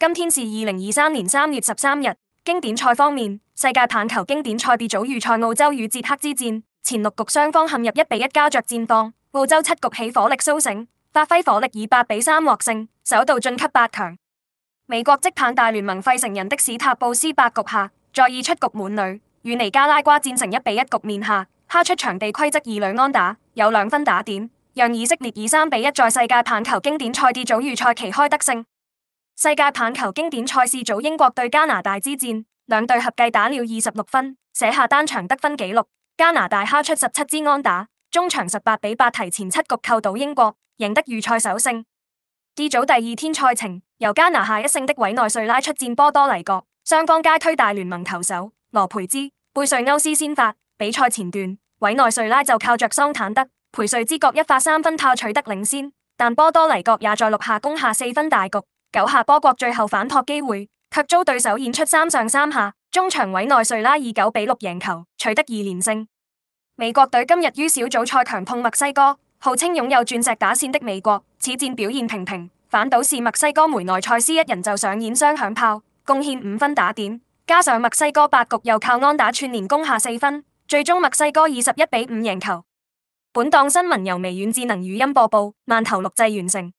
今天是二零二三年三月十三日。經典賽方面，世界棒球經典賽 D 組預賽澳洲與捷克之戰，前六局雙方陷入一比一膠着戰況，澳洲七局起火力蘇醒，發揮火力以八比三獲勝，首度晉級八強。美國職棒大聯盟費城人的史塔布斯八局下，在二出局滿壘、與尼加拉瓜戰成一比一局面下，他出場地規則二壘安打，有兩分打點，讓以色列以三比一在世界棒球經典賽 D 組預賽旗開得勝。世界棒球經典賽事組英國對加拿大之戰，兩隊合計打了二十六分，寫下單場得分紀錄。加拿大敲出十七支安打，中場十八比八提前七局扣倒英國，贏得預賽首勝。D 組第二天賽程，由加拿大一勝的委內瑞拉出戰波多黎各，雙方皆推大聯盟投手羅培茲、貝瑞歐斯先發。比賽前段，委內瑞拉就靠着桑坦德、培瑞茲各一發三分炮取得領先，但波多黎各也在六下攻下四分大局。九下波國最後反撲機會，卻遭對手演出三上三下。終場委內瑞拉以九比六贏球，取得二連勝。美國隊今日於小組賽強碰墨西哥，號稱擁有鑽石打線的美國，此戰表現平平。反倒是墨西哥梅內塞斯一人就上演雙響炮，貢獻五分打點，加上墨西哥八局又靠安打串連攻下四分，最終墨西哥以十一比五贏球。本檔新聞由微軟智能語音播報，慢投錄製完成。